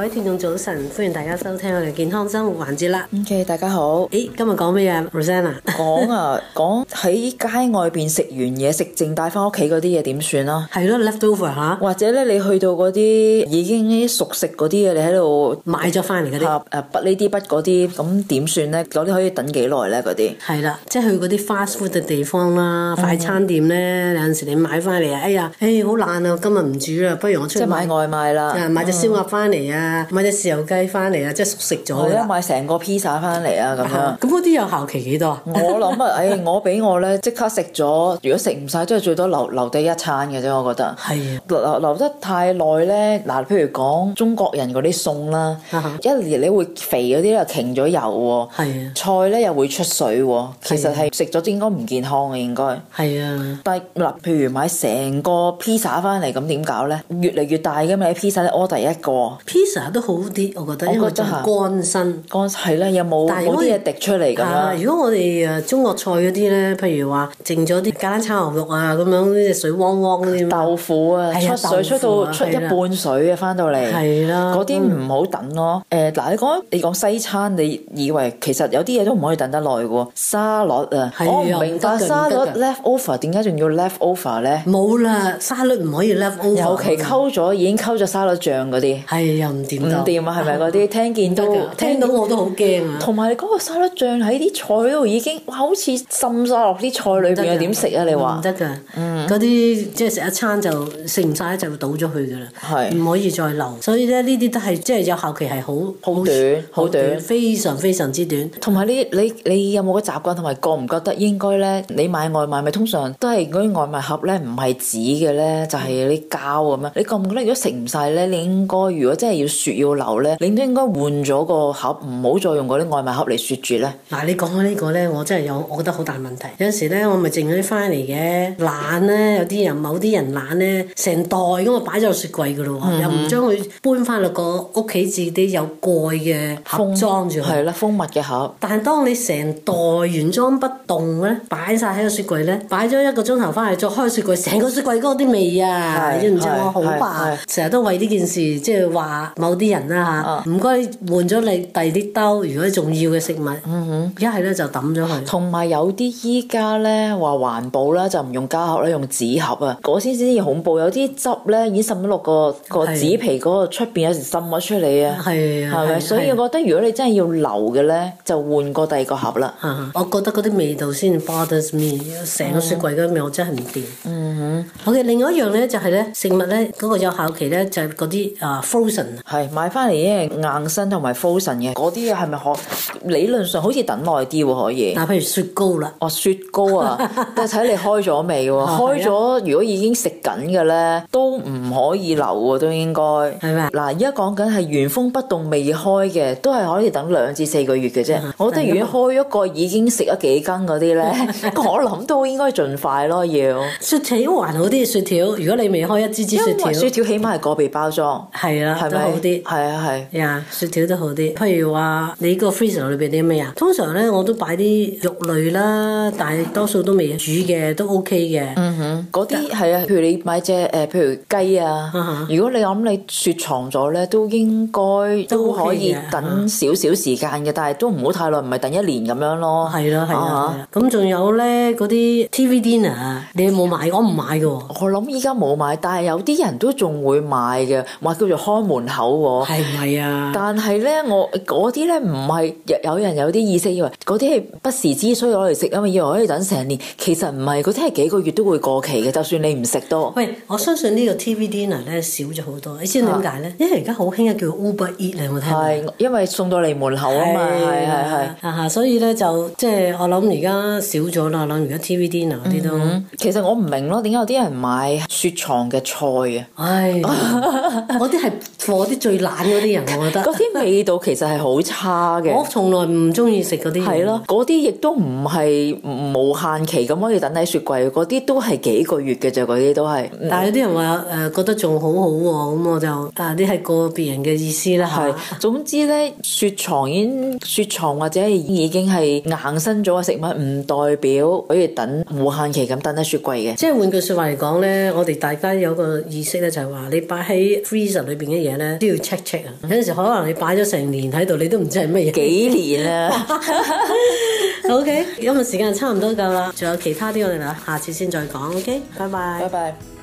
各位聽眾早晨，歡迎大家收聽我哋嘅健康生活環節啦。OK，大家好。誒、欸，今日講咩啊？Rosanna，講啊，講喺街外邊食完嘢食剩帶翻屋企嗰啲嘢點算啦、啊？係咯，leftover 吓。Left over, 啊、或者咧，你去到嗰啲已經熟食嗰啲嘢，你喺度買咗翻嚟嗰啲，誒、啊，筆筆呢啲不嗰啲，咁點算咧？嗰啲可以等幾耐咧？嗰啲係啦，即係去嗰啲 fast food 嘅地方啦，嗯、哼快餐店咧，有陣時你買翻嚟啊，哎呀，誒、欸，好懶啊，今日唔煮啦，不如我出去買，買外賣啦、嗯，買隻燒鴨翻嚟啊！嗯買隻豉油雞翻嚟啊，即係熟食咗。係啊，買成個披薩翻嚟啊，咁樣。咁嗰啲有效期幾多？ 我、哎？我諗啊，唉，我俾我咧即刻食咗。如果食唔晒，即係最多留留低一餐嘅啫。我覺得係啊留，留得太耐咧。嗱，譬如講中國人嗰啲餸啦，啊、哈一年你會肥嗰啲又擎咗油，係啊，菜咧又會出水。其實係食咗都應該唔健康嘅，應該係啊。但係嗱，譬如買成個披薩翻嚟，咁點搞咧？越嚟越大嘅嘛，披薩咧，我第一個成日都好啲，我覺得應該真係乾身，乾係啦，有冇嗰啲嘢滴出嚟噶？如果我哋誒中國菜嗰啲咧，譬如話剩咗啲加餐牛肉啊咁樣啲水汪汪啲豆腐啊，出水出到出一半水啊，翻到嚟，係啦，嗰啲唔好等咯。誒嗱，你講你講西餐，你以為其實有啲嘢都唔可以等得耐嘅喎，沙律啊，我唔明白沙律 left over 點解仲要 left over 咧？冇啦，沙律唔可以 left over，尤其溝咗已經溝咗沙律醬嗰啲，係啊。唔掂啊，係咪嗰啲聽見都聽到我都好驚啊！同埋嗰個沙律醬喺啲菜度已經，哇！好似滲曬落啲菜裏邊啊！點食啊？你話唔得㗎，嗯，嗰啲即係食一餐就食唔晒就倒咗去㗎啦，係唔可以再留。所以咧，呢啲都係即係有效期係好好短，好短，非常非常之短。同埋你你你有冇個習慣？同埋覺唔覺得應該咧？你買外賣咪通常都係嗰啲外賣盒咧，唔係紙嘅咧，就係啲膠咁樣。你覺唔覺得如果食唔晒咧，你應該如果真係要雪要留呢？你都應該換咗個盒，唔好再用嗰啲外賣盒嚟雪住呢。嗱、啊，你講開呢個呢，我真係有，我覺得好大問題。有陣時呢，我咪剩咗啲翻嚟嘅懶呢，有啲人某啲人懶呢，成袋咁我擺咗喺雪櫃噶咯喎，嗯、哼又唔將佢搬翻落個屋企自己有蓋嘅盒裝住。係啦風，封密嘅盒。但係當你成袋原裝不動呢，擺晒喺個雪櫃呢，擺咗一個鐘頭翻嚟再開雪櫃，成個雪櫃嗰啲味啊，你唔知我好唔好，成日都為呢件事即係話。某啲人啦、啊、嚇，唔該、啊、換咗你第二啲兜，如果仲要嘅食物，嗯、哼一係咧就抌咗佢。同埋有啲依家咧話環保啦，就唔用膠盒啦，用紙盒啊。嗰啲先至恐怖，有啲汁咧已經滲咗落個個紙皮嗰個出邊，有時滲咗出嚟啊，係啊。所以我覺得如果你真係要留嘅咧，就換個第二個盒啦嚇。我覺得嗰啲味道先 bothers me，成個雪櫃嘅味我真係唔掂。嗯哼。OK，另外一樣咧就係咧食物咧嗰個有效期咧就係嗰啲啊 frozen。係買翻嚟已經硬身同埋 f a s o n 嘅，嗰啲係咪可理論上好似等耐啲可以？嗱，譬如雪糕啦。哦，雪糕啊，但係睇你開咗未喎？開咗如果已經食緊嘅咧，都唔可以留喎，都應該。係咪？嗱，而家講緊係原封不動未開嘅，都係可以等兩至四個月嘅啫。我覺得如果開一個已經食咗幾根嗰啲咧，我諗都應該盡快咯，要雪條還好啲，雪條如果你未開一支支雪條，雪條起碼係個別包裝，係啊，係咪？啲係啊係啊，啊，雪條都好啲，譬如話你個 freezer 裏邊啲咩啊？通常咧我都擺啲肉類啦，但係多數都未煮嘅，都 OK 嘅。嗯哼，嗰啲係啊，啊譬如你買隻誒、呃，譬如雞啊。嗯、哼如果你諗你雪藏咗咧，都應該都可以、嗯、哼等少少時間嘅，但係都唔好太耐，唔係等一年咁樣咯。係咯，係啊。咁仲、啊啊啊啊、有咧嗰啲 TV dinner，你冇買，啊、我唔買嘅。我諗依家冇買，但係有啲人都仲會買嘅，話叫做開門口。係咪啊？但係咧，我嗰啲咧唔係有人有啲意識，以為嗰啲係不時之需攞嚟食啊嘛，以為可以等成年。其實唔係，嗰啲係幾個月都會過期嘅。就算你唔食多，喂，我相信呢個 TV dinner 咧少咗好多。你知點解咧？啊、因為而家好興啊，叫 Uber Eat 你有冇聽？係，因為送到嚟門口啊嘛，係係係，所以咧就即係我諗而家少咗啦。諗而家 TV dinner 嗰啲都嗯嗯，其實我唔明咯，點解有啲人買雪藏嘅菜啊？唉、哎，啲係放啲。最懶嗰啲人，我覺得嗰啲 味道其實係好差嘅。 我從來唔中意食嗰啲。係咯，嗰啲亦都唔係無限期咁可以等喺雪櫃，嗰啲都係幾個月嘅啫嗰啲都係。嗯、但係有啲人話誒、呃、覺得仲好好喎，咁我就啊啲係個別人嘅意思啦。係， 總之咧，雪藏已經雪藏或者已經係硬身咗嘅食物，唔代表可以等無限期咁等喺雪櫃嘅。即係換句説話嚟講咧，我哋大家有個意識咧，就係、是、話你擺喺 freezer 裏邊嘅嘢咧。都要 check check 啊！有陣時可能你擺咗成年喺度，你都唔知係乜嘢。幾年啦 ？OK，咁啊時間差唔多夠啦，仲有其他啲我哋啦，下次先再講。OK，拜拜。拜拜。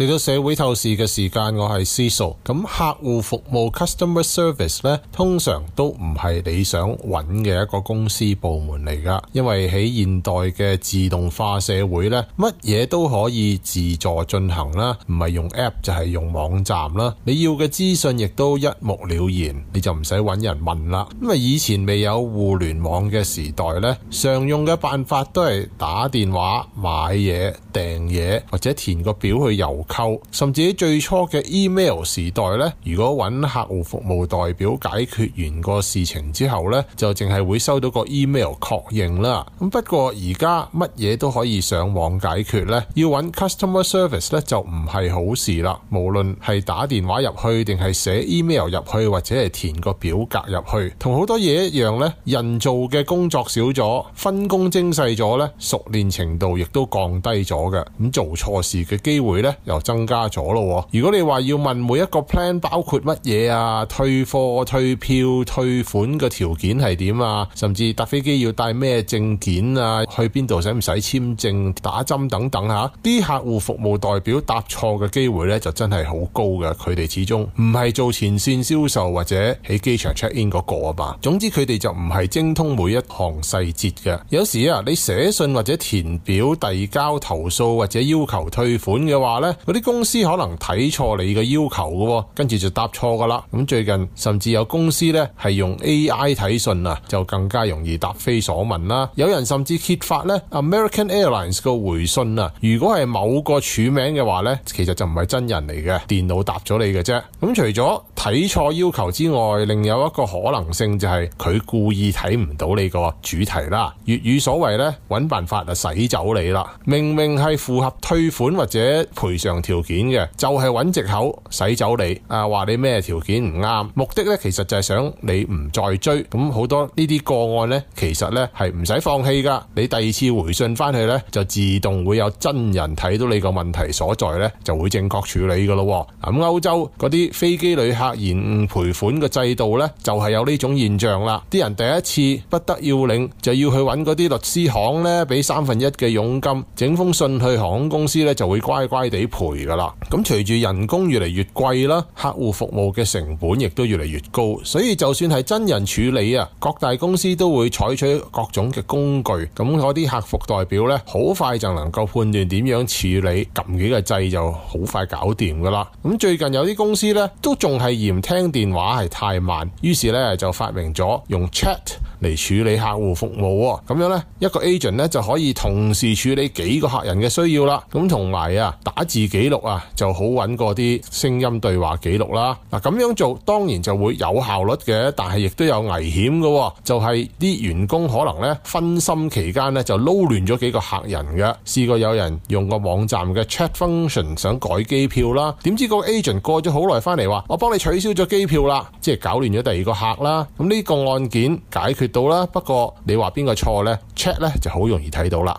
嚟到社會透視嘅時間，我係 Cecil。咁客戶服務 customer service 呢，通常都唔係你想揾嘅一個公司部門嚟㗎。因為喺現代嘅自動化社會呢，乜嘢都可以自助進行啦，唔係用 app 就係用網站啦。你要嘅資訊亦都一目了然，你就唔使揾人問啦。因為以前未有互聯網嘅時代呢，常用嘅辦法都係打電話、買嘢、訂嘢或者填個表去郵。甚至最初嘅 email 時代咧，如果揾客戶服務代表解決完個事情之後咧，就淨係會收到個 email 確認啦。咁不過而家乜嘢都可以上網解決咧，要揾 customer service 咧就唔係好事啦。無論係打電話入去定係寫 email 入去，或者係填個表格入去，同好多嘢一樣咧，人做嘅工作少咗，分工精細咗咧，熟練程度亦都降低咗嘅。咁做錯事嘅機會咧又～增加咗咯。如果你話要問每一個 plan 包括乜嘢啊，退貨、退票、退款嘅條件係點啊，甚至搭飛機要帶咩證件啊，去邊度使唔使簽證、打針等等吓、啊，啲客戶服務代表答錯嘅機會咧，就真係好高嘅。佢哋始終唔係做前線銷售或者喺機場 check in 嗰個啊吧。總之佢哋就唔係精通每一項細節嘅。有時啊，你寫信或者填表遞交投訴或者要求退款嘅話咧。有啲公司可能睇錯你嘅要求嘅，跟住就答錯噶啦。咁最近甚至有公司呢係用 A.I. 睇信啊，就更加容易答非所問啦。有人甚至揭發呢 American Airlines 個回信啊，如果係某個署名嘅話呢，其實就唔係真人嚟嘅，電腦答咗你嘅啫。咁除咗睇錯要求之外，另有一個可能性就係佢故意睇唔到你個主題啦。粵語所謂呢，揾辦法啊洗走你啦。明明係符合退款或者賠償條件嘅，就係揾藉口洗走你啊！話你咩條件唔啱，目的呢其實就係想你唔再追。咁好多呢啲個案呢，其實呢係唔使放棄噶。你第二次回信翻去呢，就自動會有真人睇到你個問題所在呢，就會正確處理噶咯。咁歐洲嗰啲飛機旅客，延誤賠款嘅制度呢，就係、是、有呢種現象啦。啲人第一次不得要領，就要去揾嗰啲律師行呢，俾三分一嘅佣金，整封信去航空公司呢，就會乖乖地賠噶啦。咁隨住人工越嚟越貴啦，客戶服務嘅成本亦都越嚟越高，所以就算係真人處理啊，各大公司都會採取各種嘅工具，咁嗰啲客服代表呢，好快就能夠判斷點樣處理，撳幾個掣就好快搞掂噶啦。咁、嗯、最近有啲公司呢，都仲係。嫌聽電話係太慢，於是咧就發明咗用 chat 嚟處理客戶服務喎、哦，咁樣咧一個 agent 咧就可以同時處理幾個客人嘅需要啦。咁同埋啊打字記錄啊就好揾過啲聲音對話記錄啦。嗱咁樣做當然就會有效率嘅，但係亦都有危險嘅、哦，就係、是、啲員工可能咧分心期間咧就撈亂咗幾個客人嘅。試過有人用個網站嘅 chat function 想改機票啦，點知個 agent 過咗好耐翻嚟話：我幫你搶取消咗機票啦，即係搞亂咗第二個客啦。咁呢個案件解決到啦，不過你話邊個錯呢？Check 咧就好容易睇到啦。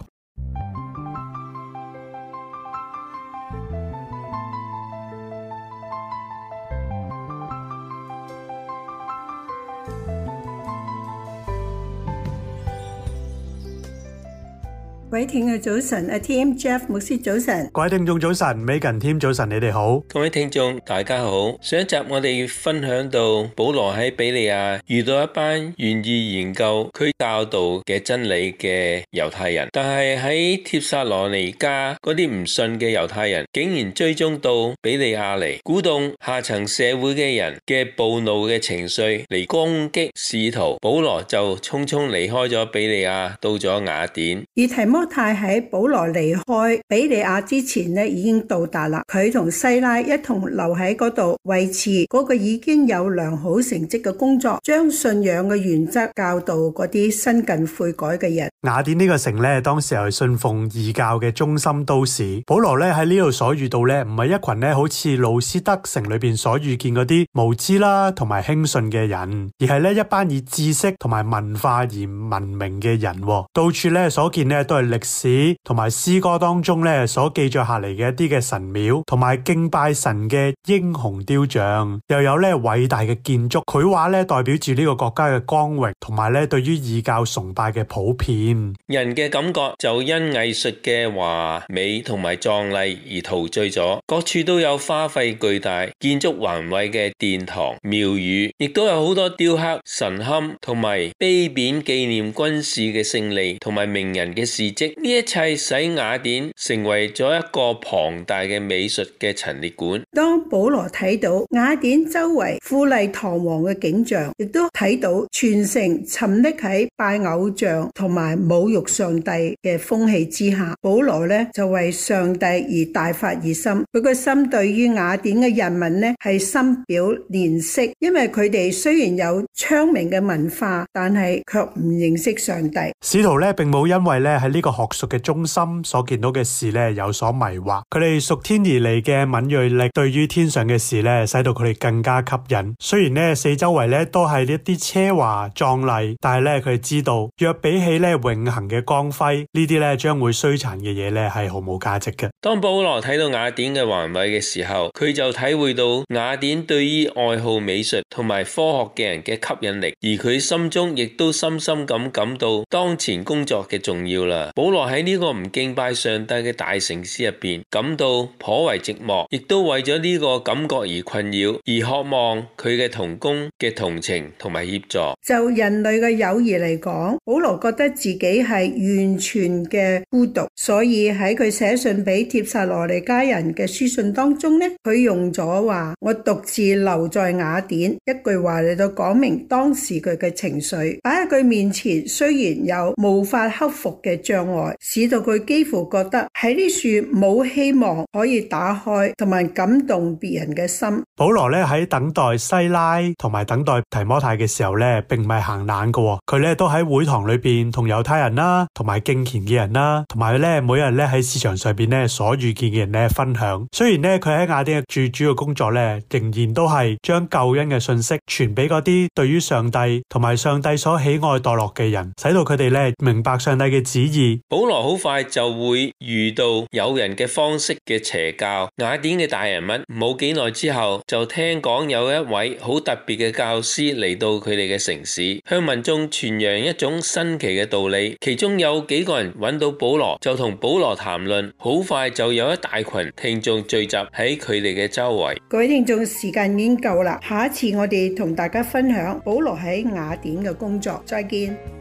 各位聽眾早晨，阿 Team Jeff 牧師早晨，各位聽眾早晨，MeganTeam 早晨，你哋好，各位聽眾大家好。上一集我哋分享到保羅喺比利亞遇到一班願意研究佢教導嘅真理嘅猶太人，但係喺帖撒羅尼迦嗰啲唔信嘅猶太人，竟然追蹤到比利亞嚟，鼓動下層社會嘅人嘅暴怒嘅情緒嚟攻擊使徒，保羅就匆匆離開咗比利亞，到咗雅典。議題麼？太喺保羅離開比利亞之前呢，已經到達啦。佢同西拉一同留喺嗰度，維持嗰個已經有良好成績嘅工作，將信仰嘅原則教導嗰啲新近悔改嘅人。雅典呢個城咧，當時係信奉異教嘅中心都市。保羅咧喺呢度所遇到咧，唔係一群咧好似路斯德城裏邊所遇見嗰啲無知啦，同埋輕信嘅人，而係呢一班以知識同埋文化而聞名嘅人，到處咧所見咧都係。歷史同埋詩歌當中咧，所記載下嚟嘅一啲嘅神廟同埋敬拜神嘅英雄雕像，又有咧偉大嘅建築。佢話咧代表住呢個國家嘅光榮，同埋咧對於異教崇拜嘅普遍。人嘅感覺就因藝術嘅華美同埋壯麗而陶醉咗。各處都有花費巨大、建築宏偉嘅殿堂廟宇，亦都有好多雕刻神龕同埋碑匾紀念軍事嘅勝利同埋名人嘅事蹟。呢一切使雅典成為咗一個龐大嘅美術嘅陳列館。當保羅睇到雅典周圍富麗堂皇嘅景象，亦都睇到全城沉溺喺拜偶像同埋侮辱上帝嘅風氣之下，保羅呢就為上帝而大發熱心。佢個心對於雅典嘅人民呢係深表憐惜，因為佢哋雖然有昌明嘅文化，但係卻唔認識上帝。使徒呢並冇因為呢喺呢。呢個學術嘅中心所見到嘅事咧，有所迷惑。佢哋屬天而嚟嘅敏銳力，對於天上嘅事咧，使到佢哋更加吸引。雖然咧四周圍咧都係一啲奢華壯麗，但係咧佢哋知道，若比起咧永恆嘅光輝，呢啲咧將會衰殘嘅嘢咧係毫無價值嘅。當保羅睇到雅典嘅宏偉嘅時候，佢就體會到雅典對於愛好美術同埋科學嘅人嘅吸引力，而佢心中亦都深深咁感到當前工作嘅重要啦。保羅喺呢個唔敬拜上帝嘅大城市入邊感到頗為寂寞，亦都為咗呢個感覺而困擾，而渴望佢嘅同工嘅同情同埋協助。就人類嘅友誼嚟講，保羅覺得自己係完全嘅孤獨，所以喺佢寫信俾帖撒羅尼迦人嘅書信當中呢佢用咗話我獨自留在雅典一句話嚟到講明當時佢嘅情緒。擺喺佢面前雖然有無法克服嘅障。使到佢幾乎覺得喺呢處冇希望可以打開，同埋感動別人嘅心。保羅咧喺等待西拉同埋等待提摩太嘅時候咧，並唔係行懶嘅，佢咧都喺會堂裏邊同猶太人啦，同埋敬虔嘅人啦，同埋咧每日咧喺市場上邊咧所遇見嘅人咧分享。雖然咧佢喺雅典嘅主主要工作咧，仍然都係將救恩嘅信息傳俾嗰啲對於上帝同埋上帝所喜愛墮落嘅人，使到佢哋咧明白上帝嘅旨意。保羅好快就會遇到有人嘅方式嘅邪教。雅典嘅大人物冇幾耐之後，就聽講有一位好特別嘅教師嚟到佢哋嘅城市，向民眾傳揚一種新奇嘅道理。其中有幾個人揾到保羅，就同保羅談論。好快就有一大群聽眾聚集喺佢哋嘅周圍。各位聽眾，時間已經夠啦，下一次我哋同大家分享保羅喺雅典嘅工作。再見。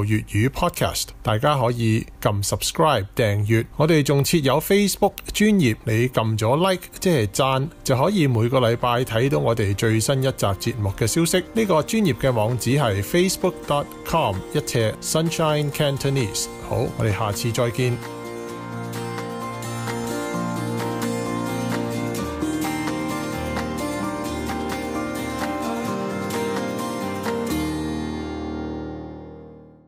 粵語 podcast，大家可以撳 subscribe 訂閱。我哋仲設有 Facebook 專頁，你撳咗 like 即係讚，就可以每個禮拜睇到我哋最新一集節目嘅消息。呢、這個專頁嘅網址係 facebook.com 一尺 Sunshine Cantonese。好，我哋下次再見。